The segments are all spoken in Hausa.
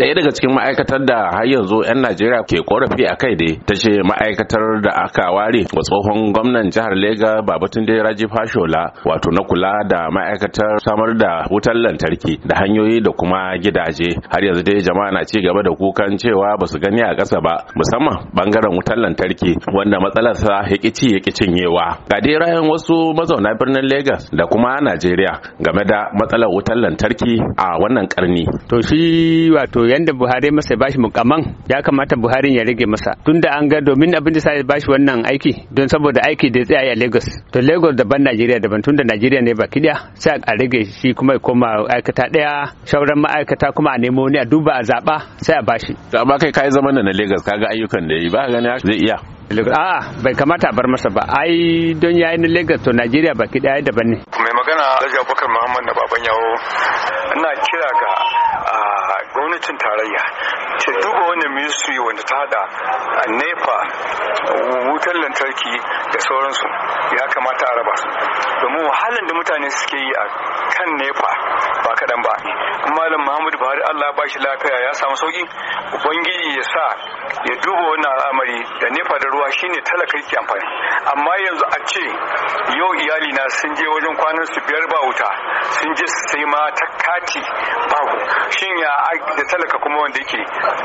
Daya daga cikin ma'aikatar da har yanzu 'yan najeriya ke korafi a kai dai ta ce ma'aikatar da aka ware wa tsohon gwamnan jihar lega babatunde raji fashola wato na kula da ma'aikatar samar da wutar lantarki da hanyoyi da kuma gidaje har yanzu dai jama'a na ci gaba da kukan cewa ba su gani a ƙasa ba musamman bangaren wutar lantarki wanda matsalarsa hikici yaki cinyewa ga dai rayan wasu mazauna birnin Legas da kuma najeriya game da matsalar wutar lantarki a wannan karni to shi wato yanda Buhari masa bashi mukaman ya kamata Buhari ya rage masa tunda an ga domin abin da sai bashi wannan aiki don saboda aiki da tsaya a Lagos to Lagos daban Najeriya daban tunda Najeriya ne baki daya sai a rage shi kuma ya koma aikata daya shauran ma'aikata kuma a nemo ne a duba a zaba sai a bashi to amma kai kai zaman na Lagos kaga ayyukan da yi ba gani zai iya a'a bai kamata a bar masa ba ai don yayin Lagos to Najeriya baki daya daban ne alhaji abubakar muhammad na baban yawo ina kira ga gwamnatin tarayya ta duba wani ministry wanda ta hada nepa wutar lantarki da sauransu ya kamata a raba domin wahalar da mutane suke yi a kan nepa ba kaɗan ba malam muhammadu buhari allah ba shi lafiya ya samu sauki ubangiji ya sa ya duba wannan al'amari da nefa da ruwa shine talaka yake amfani amma yanzu a ce yau iyali na sun je wajen kwanan su biyar ba wuta sun je su sai ma ta kati babu shin ya da talaka kuma wanda yake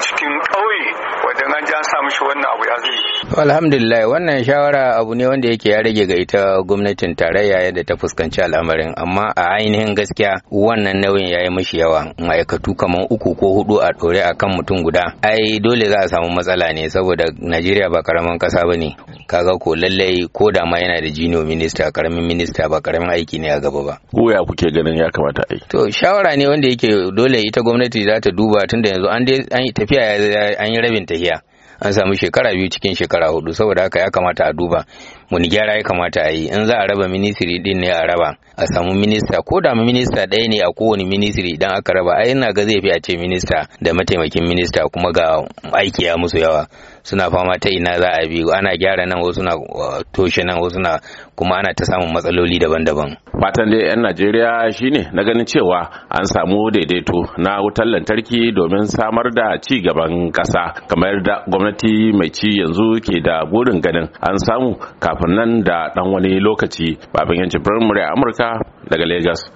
cikin ƙauye wajen an ji an samu shi wannan abu ya zai alhamdulillah wannan wannan shawara abu ne wanda yake ya rage ga ita gwamnatin tarayya yadda ta fuskanci al'amarin amma a ainihin gaskiya wannan nauyin ya yi mashi yawa ma'aikatu kamar uku ko hudu a ɗore a kan mutum guda ai dole za a samu matsala ne saboda najeriya ba karamin kasa ba ne kaga ko lallai ko da ma yana da jino minista karamin minista ba karamin aiki ne a gaba ba ko ya kuke ganin ya kamata yi? to shawara ne wanda yake dole ita gwamnati za ta duba tunda yanzu an tafiya an yi rabin tafiya an samu shekara biyu cikin shekara hudu saboda haka ya kamata a duba wani gyara ya kamata a yi in za a raba ministry din ne a raba a samu minista ko da minista ɗaya ne a kowane ministry idan aka raba ai ina ga zai fi a ce minista da mataimakin minista kuma ga aiki ya musu yawa suna fama ta ina za a bi ana gyara nan wasu na uh, toshe nan wasu na kuma ana ta samun matsaloli daban-daban fatan dai yan najeriya shine na ganin cewa an samu daidaito na wutar lantarki domin samar da ci gaban kasa kamar da gwamnati mai ci yanzu ke da burin ganin an samu ka kafin nan da dan wani lokaci babin yanci a amurka daga lagos